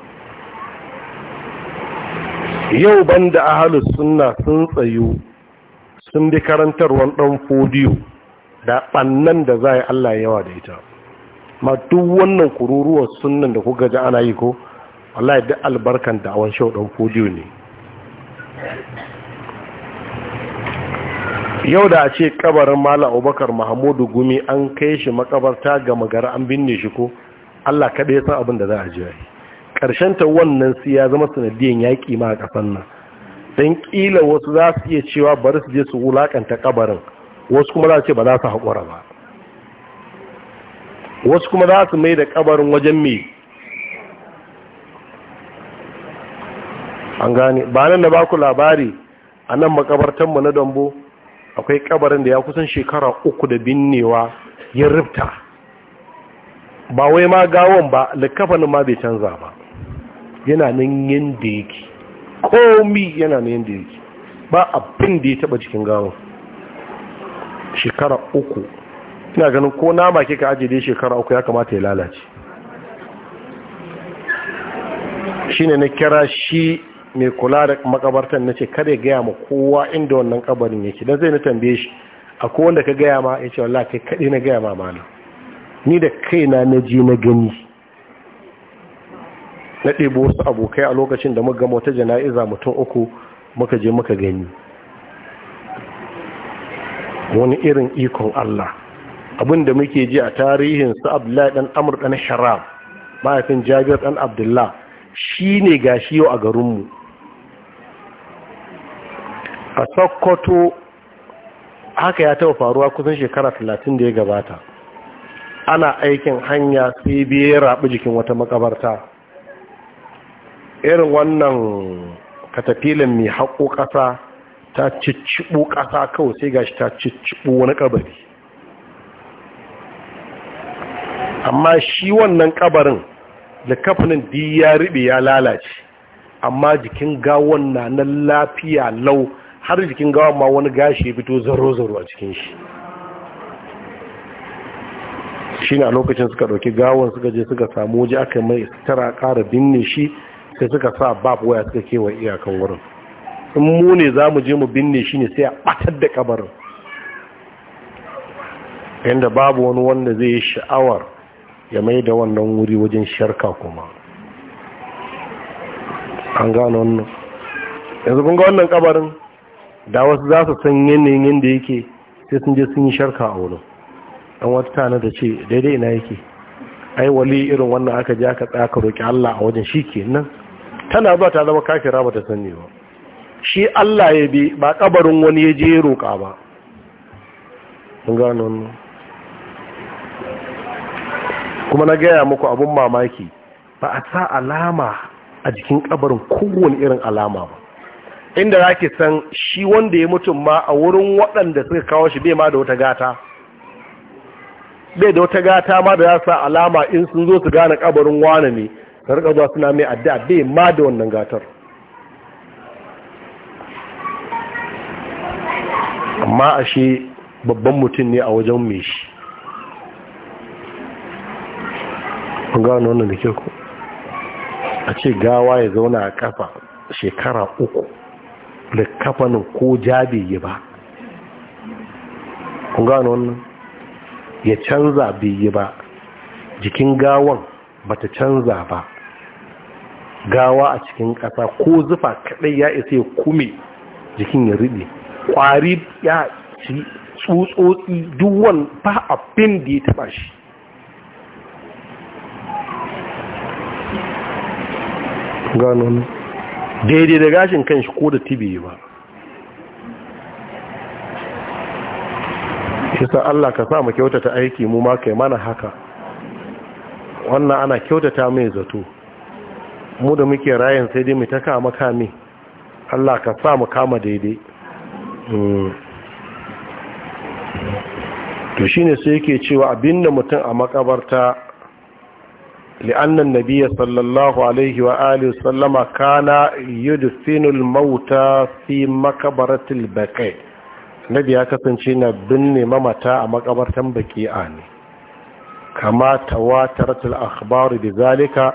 yau banda ahalus sunna sun tsayu sun bi karantarwan dan fodiyo da bannan da za a yi Allah yawa da ita ma duk wannan kururuwar sunnan da kuka ji ana yi ko wallahi duk albarkan da'awan shau dan fudiyo ne yau da a ce kabarin mala abubakar mahamudu gumi an kai shi makabarta ga magara an binne shi ko allah kaɗai san abin da za a jiya ƙarshen ta wannan su ya zama sanadiyan yaƙi ma a ƙasan nan don ƙila wasu za su iya cewa bari su je su wulaƙanta kabarin wasu kuma za su ce ba za su haƙura ba wasu kuma za su mai da ƙabarin wajen mai an gane ba nan da ba ku labari a nan makabartanmu na dambo akwai kabarin da ya kusan shekara uku da binnewa ya rifta ba wai ma gawon ba likafanin ma bai canza ba yana nan yadda yake komi yana nan yadda yake ba abin da ya taba cikin gawon shekara uku ina ganin ko nama kika ajiye dai shekara uku ya kamata ya lalace shine na kira shi mai kula da makabartar na ce kada ya gaya ma kowa inda wannan kabarin yake don zai na tambaye shi a wanda ka gaya ma ya ce kai kadai na gaya ma mana ni da kaina na ji na gani na ɗebo wasu abokai a lokacin da muka gama wata jana'iza mutum uku muka je muka gani wani irin ikon Allah abin da muke ji a tarihin su abdullahi ɗan amur ɗan Sharaf, mahaifin jabir ɗan Abdullah, shi ne gashi yau a garinmu a sokoto haka ya taɓa faruwa kusan shekara talatin da ya gabata ana aikin hanya sai biye raɓi jikin wata makabarta irin wannan katafilin mai haƙo ƙasa ta cicciɓo ƙasa kawai sai gashi ta cicciɓo wani ƙabari amma shi wannan ƙabarin da kafinin diya ya riɓe ya lalace amma jikin gawon na lafiya lau har jikin gawa ma wani gashi ya fito zaro-zaro a cikin shi shi na lokacin suka ɗauki gawon suka je suka samu waje aka mai tara ƙara binne shi sai suka sa bab waya suka kewa iyakan wurin in mu ne za mu je mu binne shi ne sai a ɓatar da kabarin yadda babu wani wanda zai yi sha'awar ya mai da wannan wuri wajen sharka kuma an gano wannan yanzu kun ga wannan kabarin da wasu za su san yanayin yadda yake sai sun je sun yi sharka a wurin an wata tana da ce daidai ina yake ai wali irin wannan aka je aka tsaya ka roƙi Allah a wajen shi kenan tana zuwa ta zama kafira ba ta sani ba shi Allah ya bi ba kabarin wani ya je roƙa ba mun gano wannan kuma na gaya muku abun mamaki ba a sa alama a jikin ƙabarin kowane irin alama ba inda za ki san shi wanda ya mutum ma a wurin waɗanda suka kawo shi bai ma da wata gata bai da wata gata ma da ya sa alama in sun zo su gane kabarin wane ne ka zuwa suna mai addu'a bai ma da wannan gatar amma ashe babban mutum ne a wajen mai shi kun gano wannan da ke ku a ce gawa ya zauna a kafa shekara uku da kafanin ko jabe ba kun gano wannan ya canza bai ba jikin gawan bata canza ba gawa a cikin ƙasa ko zufa kaɗai ya isa ya kume jikin ya riɗe ƙwari ya ci tsutsotsi duwan ba abin da ya taɓa shi gano daidai da gashin kanshi ko da tibi ba shi Allah ka sa mu kyautata aiki mu ma kai mana haka wannan ana kyautata mai zato mu da muke rayan sai dai mu ta kama kame Allah ka sa mu kama daidai mm. to shine sai yake cewa abinda mutum a makabarta لأن النبي صلى الله عليه وآله وسلم كان يدفن الموتى في مقبرة ya kasance na binne mamata a makabartan baki'a ne Kamata tawatarat al-akhbar bizalika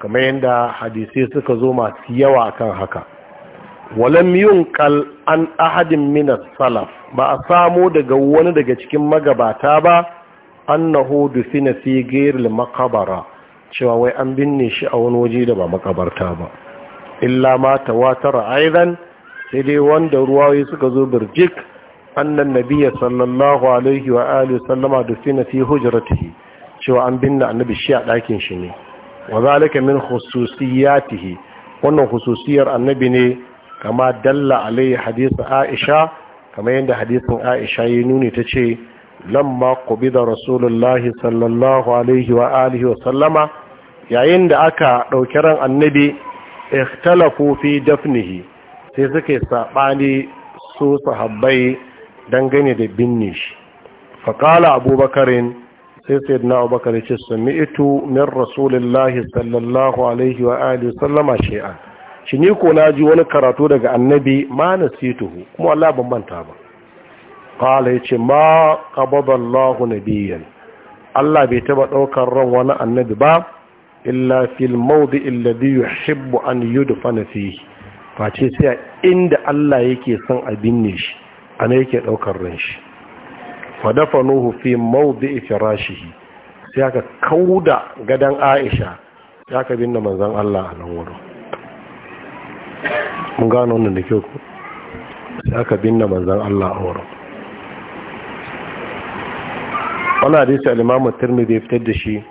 kamar yadda hadisai suka zo masu yawa akan haka walam yunqal an ahadin min salaf ba a samo daga wani daga cikin magabata ba annahu dufina fi ghayril maqbara cewa wai an binne shi a wani waje da ba makabarta ba illa ma tawatara aidan sai dai wanda ruwaye suka zo birjik annan nabiyya sallallahu alaihi wa alihi sallama da fi hujratihi cewa an binne annabi shi a ɗakin shi ne wa zalika min khususiyatihi wannan khususiyar annabi ne kama dalla alaihi hadisin aisha kamar yadda hadisin aisha ya nuni ta ce lamma qubida rasulullahi sallallahu alaihi wa alihi wa sallama yayin da aka ɗauki ran annabi ikhtalafu fi dafnihi sai suke saɓani su sahabbai dangane da binne shi faƙala abubakarin sai na abubakar ya ce sami'tu min rasulillahi sallallahu alaihi wa alihi sallama shi'a shi ni ko na ji wani karatu daga annabi ma nasituhu kuma Allah ban manta ba ya yace ma qabada Allahu Allah bai taɓa ɗaukar ran wani annabi ba illa fil mawdi alladhi yuhibbu an yudfana fihi face sai inda Allah yake son a binne shi ana yake daukar ran shi fadafanuhu fi mawdi firashihi sai aka kauda gadan Aisha sai aka binne manzon Allah a nan wurin mun gano wannan da kyau ko sai aka binne manzon Allah a wurin wannan hadisi al-Imam at-Tirmidhi ya fitar da shi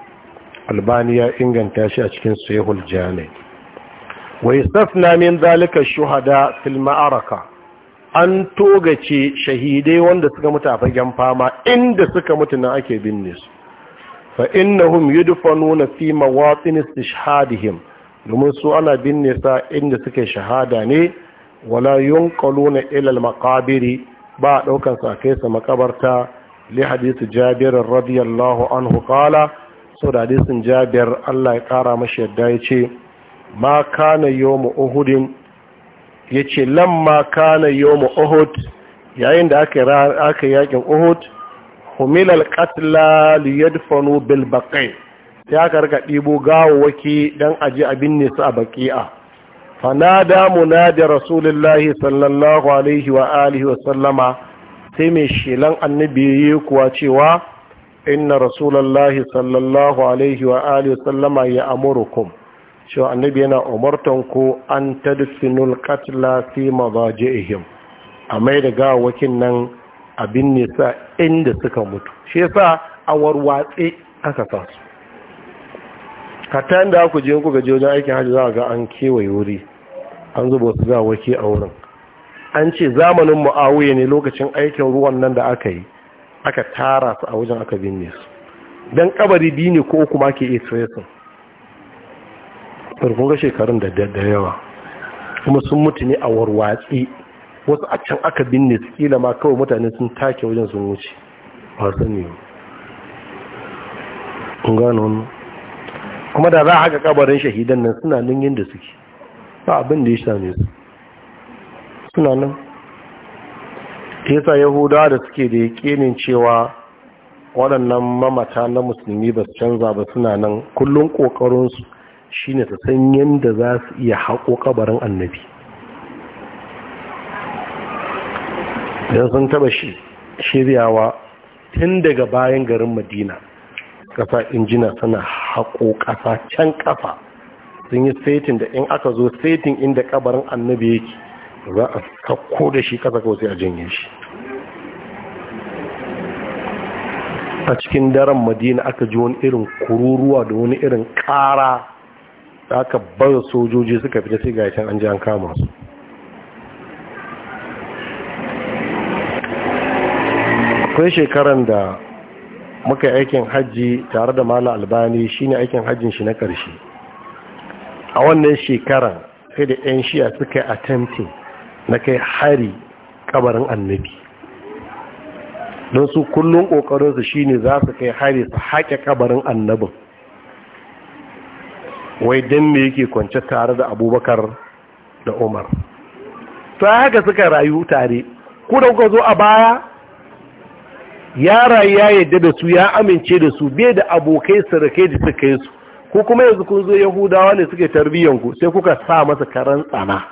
albani ya inganta shi a cikin sahihul jami wa yastafna min zalika shuhada fil ma'araka an togace shahidai wanda suka mutu a fagen fama inda suka mutu na ake binne su fa innahum yudfanuna fi mawatin istishhadihim domin su ana binne sa inda suke shahada ne wala yunqaluna ila al maqabiri ba daukan a kai sa makabarta li hadith jabir radiyallahu anhu qala saboda hadisin jabiyar Allah ya kara mashi yadda ya ce ma kana yawmu uhudin ya ce lamma kana yawmu uhud yayin da aka yi yakin uhud humilal qatla liyadfanu bil baqi sai aka rika dibo gawawaki dan aje abin ne su a baqi'a fanada munadi rasulullahi sallallahu alaihi wa alihi wa sallama sai mai shelan annabi yayi kuwa cewa inna rasulallahi sallallahu alaihi wa alihi sallama ya amurukum cewa annabi yana umartan ku an tadfinul qatla fi madajihim a mai da gawakin nan abin nisa inda suka mutu shi yasa a warwatse aka sa su hatta inda ku je ku gaje wajen aikin hajji za ga an kewaye wuri an zuba su gawaki a wurin an ce zamanin mu'awiyya ne lokacin aikin ruwan nan da aka yi aka tara su a wajen aka binne su don kabari biyu ne ko kuma ke iya su turkun ga shekarun da da yawa kuma sun mutu ne a warwatsi wasu a can aka binne su kila ma kawai mutane sun take wajen sun wuce ba sani ba gano wannan kuma da za a haka kabarin shahidan nan suna nan yadda suke ba abin da ya same su suna nan ta yasa yahudawa da suke da yaƙinin cewa waɗannan mamata na musulmi ba su canza ba suna nan kullum ƙoƙarinsu shi ne ta san yadda za su iya haƙo kabarin annabi don sun taɓa shiryawa tun daga bayan garin madina ƙasa injina suna haƙo ƙasa can ƙafa sun yi setin da in aka zo setin inda ƙabarin annabi yake za a kakko da shi kasa kawai a janye shi a cikin daren madina aka ji wani irin kururuwa da wani irin ƙara da aka bar sojoji suka fita sai ga an ji an kama su akwai shekaran da muka yi aikin hajji tare da mala albani shine aikin hajjin shi na ƙarshe a wannan shekaran sai da 'yan shiya suka yi attempting na kai hari kabarin annabi don su kullum ƙoƙarinsu shi ne za su kai hari su haƙe kabarin annabin wai don me yake kwance tare da abubakar da umar ta haka suka rayu tare ku da kuka zo a baya ya rayu ya yadda da su ya amince da su bai da abokai sarakai da suka yi su ko kuma yanzu kun zo yahudawa ne suke tarbiyyanku sai kuka sa masa karan tsana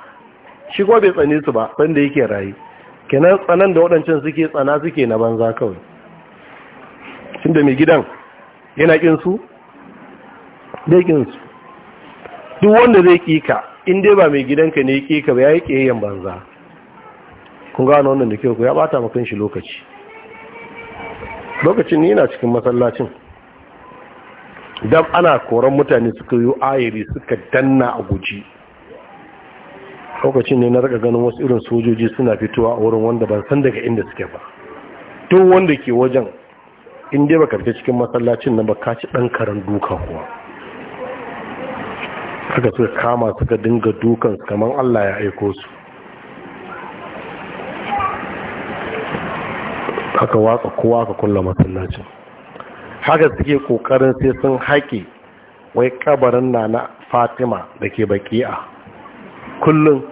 shi kuma bai tsane su ba sanda yake rayu kenan tsanan da waɗancan suke tsana suke na banza kawai shi da mai gidan yana ƙinsu? su ƙinsu duk wanda zai ƙika in dai ba mai gidanka ne ya ƙika ba ya yi ƙiyayyen banza kun gano wannan da ke ku ya bata makon shi lokaci lokacin ni na cikin masallacin dan ana koran mutane suka yi ayiri suka danna a guji lokacin ne na raka ganin wasu irin sojoji suna fitowa a wurin wanda ban san daga inda suke ba duk wanda ke wajen in dai baka fita cikin masallacin na ba ka ci dan karan duka kuwa haka suka kama suka dinga dukan kamar Allah ya aiko su haka watsa kowa ka kulla masallacin haka suke kokarin sai sun haƙe wai kabarin na na Fatima da ke baki'a kullum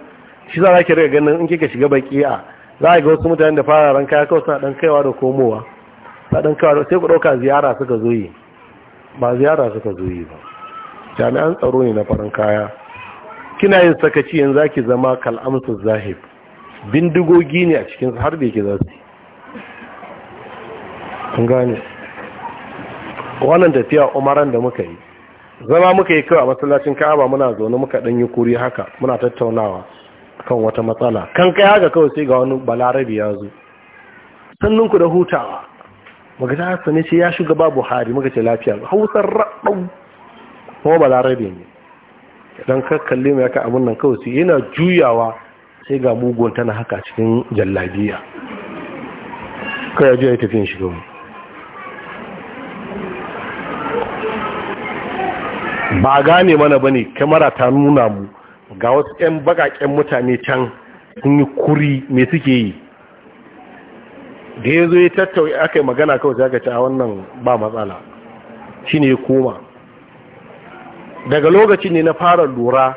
shi za kira ga ganin in kika shiga baki a za a ga wasu mutane da fara ranka kaya kawai suna dan kaiwa da komowa na dan kaiwa sai ku dauka ziyara suka zo yi ba ziyara suka zo yi ba jami'an tsaro ne na farin kaya kina yin sakaci yanzu za ki zama kal'amsu zahib bindigogi ne a cikin har da yake za su yi gane wannan tafiya umaran da muka yi zama muka yi kawai a masallacin ka'aba muna zaune muka ɗanyi kuri haka muna tattaunawa kan wata matsala kan kai haka kawai sai ga wani balarabi ya zo sannun ku da hutawa muka ta hasa ne ce ya shugaba buhari muka ce lafiya hausar raɗau kuma balarabi ne idan ka mai haka abin nan kawai sai yana juyawa sai ga mugun tana haka cikin jallabiya kai ya juya ya tafiyan shiga gaba ba gane mana bane kamara ta nuna mu ga wasu 'yan bakaƙen mutane can sun yi kuri mai suke yi da ya zo ya tattauye aka yi magana kawai sai aka a wannan ba matsala shi ya koma daga lokacin ne na fara lura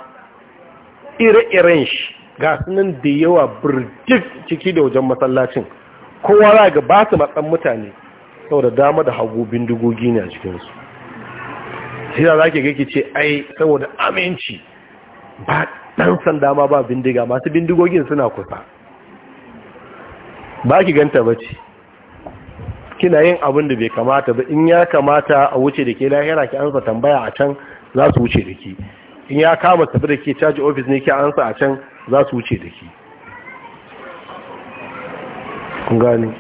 ire-iren shi ga sunan da yawa birjik ciki da wajen masallacin kowa za ga ba su matsan mutane saboda dama da hagu bindigogi ne a cikinsu sai da ke ga ce ai saboda aminci ba dan sanda ma ba bindiga masu bindigogin suna kusa ba ki ganta ba ce kina yin abin da bai kamata ba in ya kamata a wuce da ke lahira ki ansa tambaya a can za su wuce da ke in ya kama tafi da ke caji ofis ne ki ansa a can za su wuce da ke gani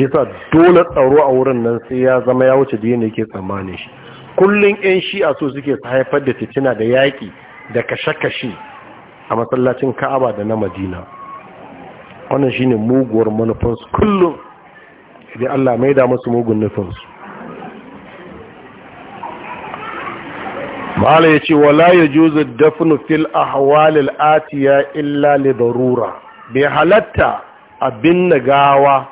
yasa dole tsaro a wurin nan sai ya zama ya wuce da yadda ke tsammanin shi kullum 'yan shi'a so suke haifar da titina da yaƙi da kashe-kashe a matsalacin ka'aba da na madina wannan shi ne muguwar manufansu kullum idan allah mai da masu mugun nufinsu ma'ala ya ce wala ya juzu dafinu fil hawalil atiya illa libarura, bai halatta abin na gawa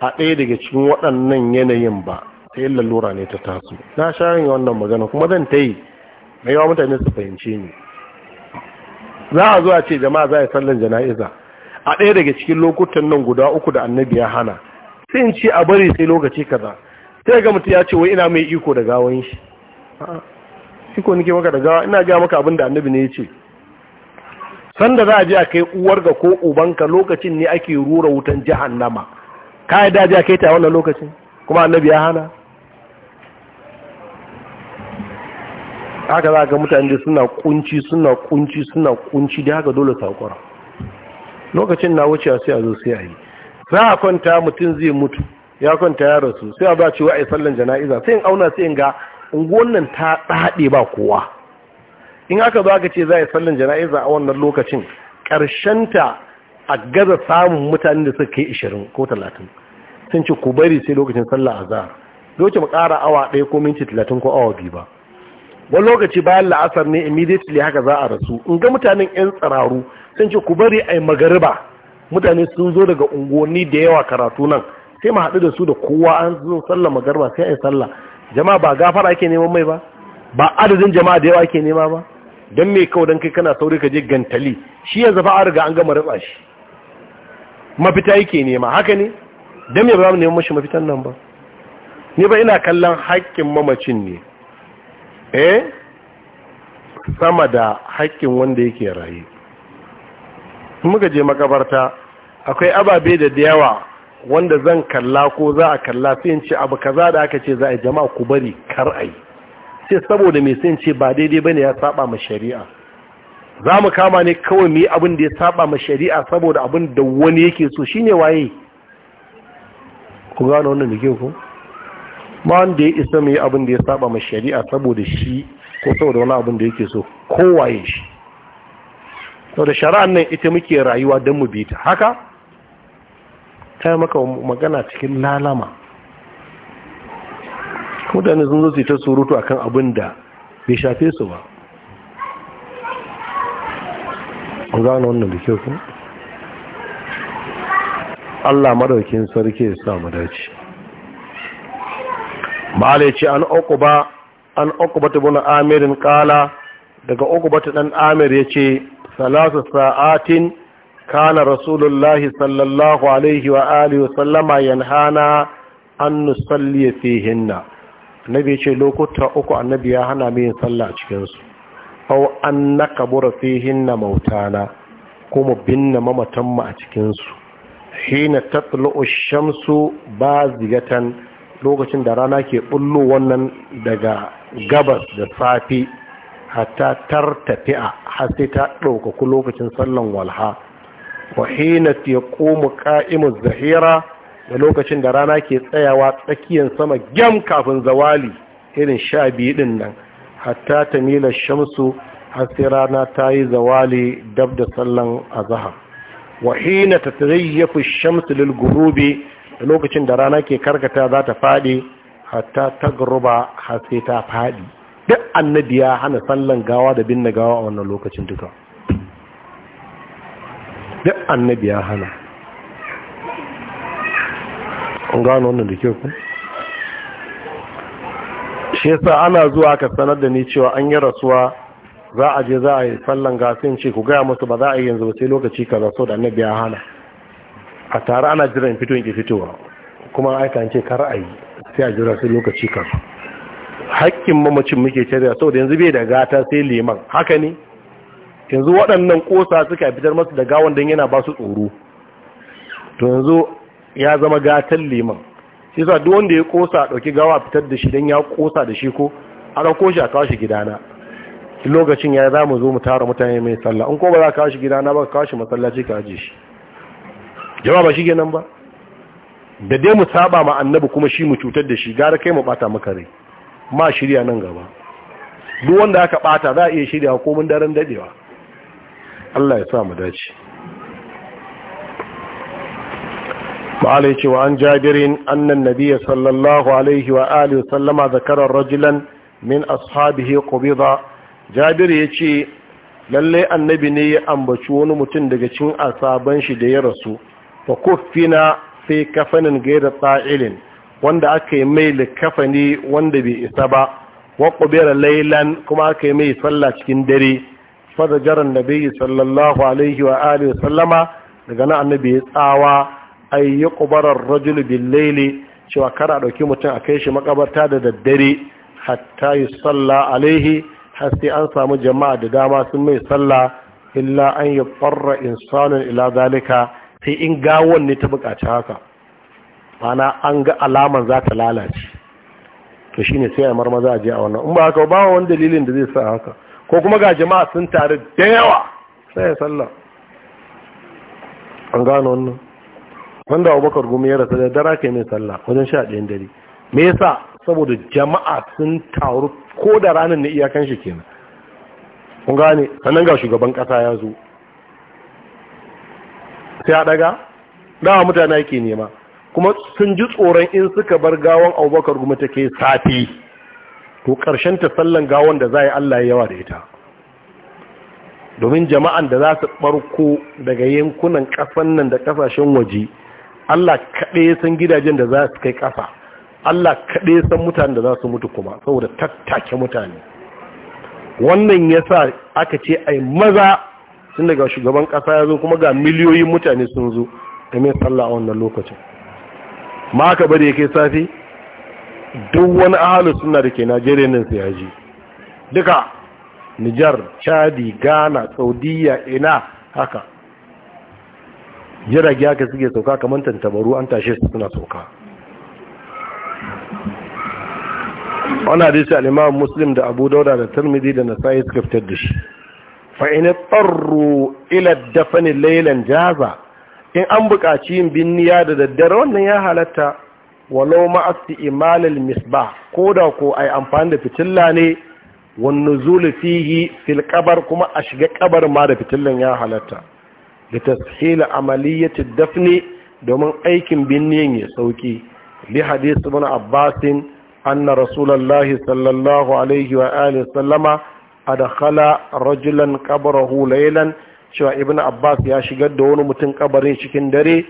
a ɗaya daga cikin waɗannan yanayin ba yi lalura ne ta taso na sha yin wannan magana kuma zan ta yi mai yawa mutane su fahimce ni za a zuwa ce jama'a za a yi sallan jana'iza a ɗaya daga cikin lokutan nan guda uku da annabi ya hana sai in ce a bari sai lokaci kaza sai ga mutum ya ce wai ina mai iko da gawan shi iko nake maka da gawa ina gaya maka abin da annabi ne ya ce sanda za a je a kai ga ko ubanka lokacin ne ake rura wutan jahannama ka yi daji a kai ta wannan lokacin kuma annabi ya hana haka za ga mutane suna kunci suna kunci suna kunci da haka dole sakwara lokacin na wuce sai a zo sai a yi za a kwanta mutum zai mutu ya kwanta ya rasu sai a ba cewa a yi sallan jana'iza sai in auna sai in ga unguwan ta daɗe ba kowa in aka zo aka ce za a yi sallan jana'iza a wannan lokacin ta a gaza samun mutane da suka kai ishirin ko talatin sun ce ku bari sai lokacin sallah azhar doke mu ƙara awa ɗaya ko minti talatin ko awa biyu ba wani lokaci bayan la'asar ne immediately haka za a rasu in ga mutanen yan tsararu sun ce ku bari a yi magariba mutane sun zo daga unguwanni da yawa karatu nan sai mu haɗu da su da kowa an zo sallah magariba sai a yi sallah jama'a ba gafara ake neman mai ba ba adadin jama'a da yawa ake nema ba don mai kawai don kai kana sauri ka je gantali shi yanzu fa a riga an gama ratsa shi mafita yake nema haka ne don mai ba mu neman mashi mafitan nan ba ni ba ina kallon haƙƙin mamacin ne eh sama da haƙƙin wanda yake raye muka je makabarta akwai ababe da yawa wanda zan kalla ko za a kalla sai in ce abu kaza da aka ce za a jama'a ku bari kar ai sai saboda me sai in ce ba daidai bane ya saba ma shari'a za mu kama ne kawai mu yi abin da ya saba ma shari'a saboda abin da wani yake so shine waye ku gano wannan da ke ku ba wanda ya isa mai abin da ya saba ma shari'a saboda shi ko saboda wani abin da yake so kowaye shi saboda shari'an nan ita muke rayuwa don mu bita haka ta yi maka magana cikin lalama mutane sun zo su ta surutu akan abin da bai shafe su ba ku gano wannan da kyau kuma Allah madaukin sarki ya samu mu dace malai ce an uquba an ta ibn amirin kala daga ta dan amir ya ce salasu sa'atin kana rasulullah sallallahu alaihi wa alihi wa sallama yanhana an nusalli fihinna annabi ce lokuta uku annabi ya hana mu salla sallah cikin su aw an nakabura fihinna mautana kuma binna mamatan mu a cikin su hina tatlu'u shamsu bazigatan lokacin da rana ke bullo wannan daga gabas da safi hatta tartafi'a har sai ta ɗaukaku lokacin sallan walha wa hina ya komu ka'imu zahira da lokacin da rana ke tsayawa tsakiyar sama gyam kafin zawali irin sha biyu ɗin nan hatta ta mila shamsu har sai rana ta yi zawali dab da sallan azahar wa hina ta yafi shamsu lil gurubi lokacin da rana ke karkata za ta faɗi hatta ta gruba haske ta faɗi duk annabi ya hana sallan gawa da binne gawa a wannan lokacin duka duk annabi ya hana an gano wannan da ke ku shi yasa ana zuwa aka sanar da ni cewa an yi rasuwa za a je za a yi sallan gasin ce ku gaya musu ba za a yi yanzu sai lokaci kaza so da annabi ya hana a tare ana jiran fito yake fitowa kuma aika ce kar a yi sai a jira sai lokaci kan hakkin mamacin muke cariya saboda yanzu bai da gata sai liman haka ne yanzu waɗannan ƙosa suka fitar masu da gawan don yana ba su tsoro to yanzu ya zama gatan liman shi sa duk wanda ya ƙosa a ɗauki gawa fitar da shi don ya ƙosa da shi ko a ɗauko shi a kawo gidana lokacin ya za mu zo mu tara mutane mai sallah in ko ba za ka kawo gidana ba ka kawo shi masallaci ka aje shi jama'a ba shi kenan ba da dai mu saba ma annabi kuma shi mu cutar da shi gara kai mu bata maka rai ma shirya nan gaba duk wanda aka bata za a iya shirya ko mun daren dadewa Allah ya sa mu dace ma'ala yace wa an jabirin annan nabiy sallallahu alaihi wa alihi sallama zakara rajulan min ashabihi qubida jabir yace lalle annabi ne ya ambaci wani mutum daga cikin asaban shi da ya rasu wa kuffina fi kafanin gaira tsa'ilin wanda aka yi mai likafani wanda bai isa ba wa kubera lailan kuma aka yi mai sallah cikin dare fada jaran nabi sallallahu alaihi wa alihi sallama daga na annabi ya tsawa ay yuqbara ar-rajulu bil layli cewa kar a dauki mutum a kai shi makabarta da daddare hatta yusalla alaihi har sai an samu jama'a da dama sun mai sallah illa an yuqarra insanin ila zalika sai in gawon ne ta bukaci haka mana an ga alaman za ta lalace to shine sai a za a je a wannan in ba haka ba wani dalilin da zai sa haka ko kuma ga jama'a sun taru da yawa sai ya sallah an gano wannan wanda abubakar gumi ya rasa da dara yi mai sallah wajen sha ɗayan dare me yasa saboda jama'a sun taru ko da ranar na iyakan shi kenan kun gane sannan ga shugaban ƙasa ya zo sai daga dawa mutane ake nema kuma sun ji tsoron in suka bar gawon abubakar kuma take safi to karshen ta sallan gawon da za yi allah yawa da ita domin jama'an da za su barko daga yankunan kasan nan da kasashen waje allah kaɗai san gidajen da za su kai ƙasa allah kaɗai san mutane da za su mutu kuma saboda tattake mutane wannan yasa aka ce ai maza tun daga shugaban kasa ya zo kuma ga miliyoyin mutane sun zo da mai sallah a wannan lokacin ma aka bari yake safi duk wani ahalu suna da ke najeriya nan sai haji duka nijar chadi ghana saudiya ina haka jirage haka suke sauka kamar tantabaru an tashe su suna sauka wani hadisi al'imam muslim da abu dauda da tarmidi da nasa'i suka fitar da shi fa in tsarru ila dafani laylan jaza in an buƙaci yin binniya da daddare wannan ya halatta walau ma istimal al misbah koda ko ai amfani da fitilla ne wan nuzul fihi fil qabr kuma a shiga kabar ma da fitillan ya halatta da tashil amaliyati dafni domin aikin binniyan ya sauki li hadith ibn abbas anna rasulullahi sallallahu alaihi wa alihi sallama adakhala rajulan qabrahu laylan cewa ibnu abbas ya shigar da wani mutum kabarin cikin dare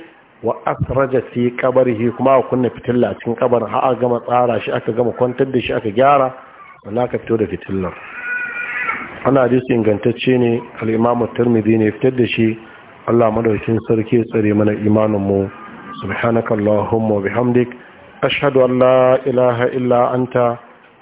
wa asraja fi qabrihi kuma kunna fitilla cikin kabarin har aka gama tsara shi aka gama kwantar da shi aka gyara wala ka fito da fitillar ana hadisi ingantacce ne al imamu ne fitar da shi Allah madaukakin sarki tsare mana imanin mu subhanakallahumma wa bihamdik ashhadu an la ilaha illa anta